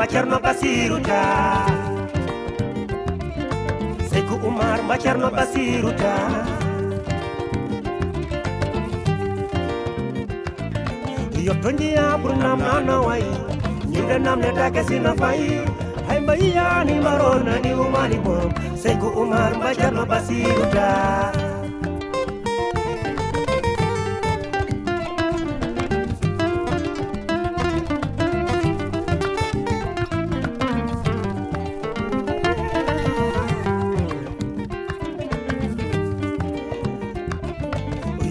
ma cerno basiru ta Seku Umar ma cerno basiru ta yottondi yabur nam nano way nyinde nam ne takesi na fay hay mbayani marona ni umani bom Seku Umar ma cerno basiru ta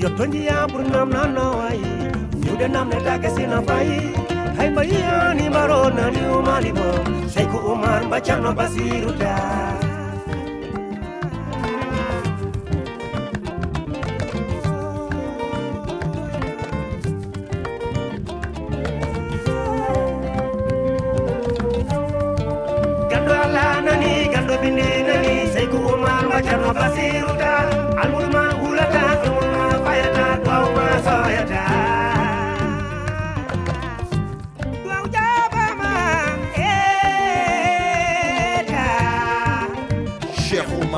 yotonji ya burnam na nawai de nam ne ta kasi na fai hai baiya ni maro na ni umali bo sheku umar bachano basiruta Gando ala nani, gando bindi nani, seku umar bachano basiruta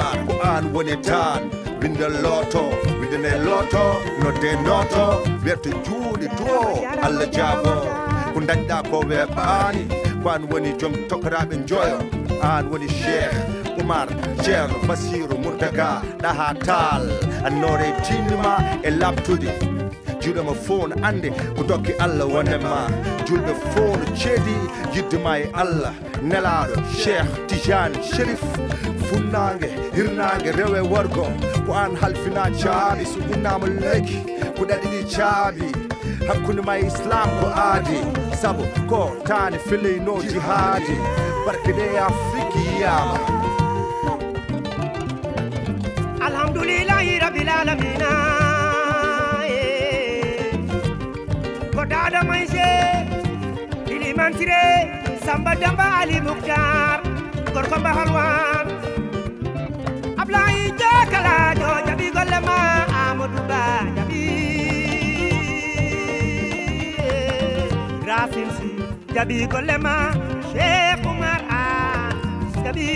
man Quran when it done Win the lotto Win the lotto No de noto Berto juli tuo Alla jabo da ko we bani Kwan woni jom tokrab enjoy An woni share Umar Cheikh Basiru Murtaga Daha tal Anore tinima Elab tudi jude ma foon ande ko dokke allah wonema julɓe foonu ceedi yiddema e allah nelaɗo cheikh tijane shérif funnague irnage rewe worgo ko an halfina caabi so innama lekki ko ɗaɗiɗi caabi hakkude ma islam ko aadi saabu ko tane feleyno jihaadi barke ɗe afrique yiyama alhamdoulillahi siré samba damba ali muktar gorko mbahalwan ablaye jakalajo jaɓi golle ma amadou ba jabi racine si jabi golle ma cheikh oumar a jaɓi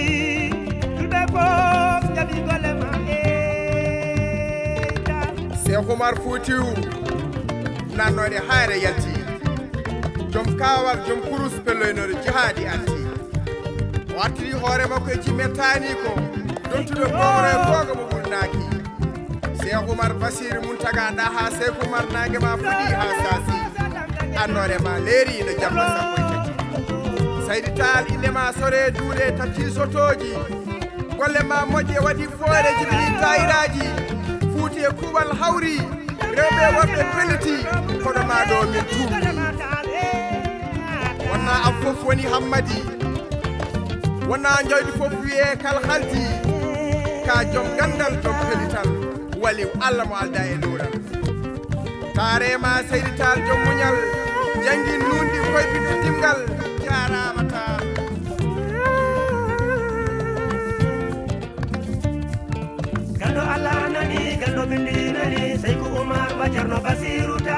julɓe fof jaɓi golle ma cheikh oumar fotiw nannoɗe haire yalti joom kawal joom kurus pelloynoɗo jahaaɗi anti o attiri hoore makko e jimmettaani ko ɗontuɗo gowre googa mo ɓurnaaki seekh oumar basir mum tagaɗa ha seekh oumar nange ma foɗi ha saasi annore ma leeri no jamma sappo tati e saydi taal innema sore duuɗe e tafti sotoji golle ma moƴƴe waɗi foore jibini tayiraji fuuti e kuuɓal hawri rewɓe e wonɓe pelliti kono ma ɗo min tuumi fof woni hammadi wona jawdi fof wiye kal haldi ka joom gandal ɗom helital waliw allah mo alda e luural ta rema seydital joom muñal janggi nundi koye bittitimgal jaramata gando allah nani gando bindinani sey ko umar ba ceerno basiruta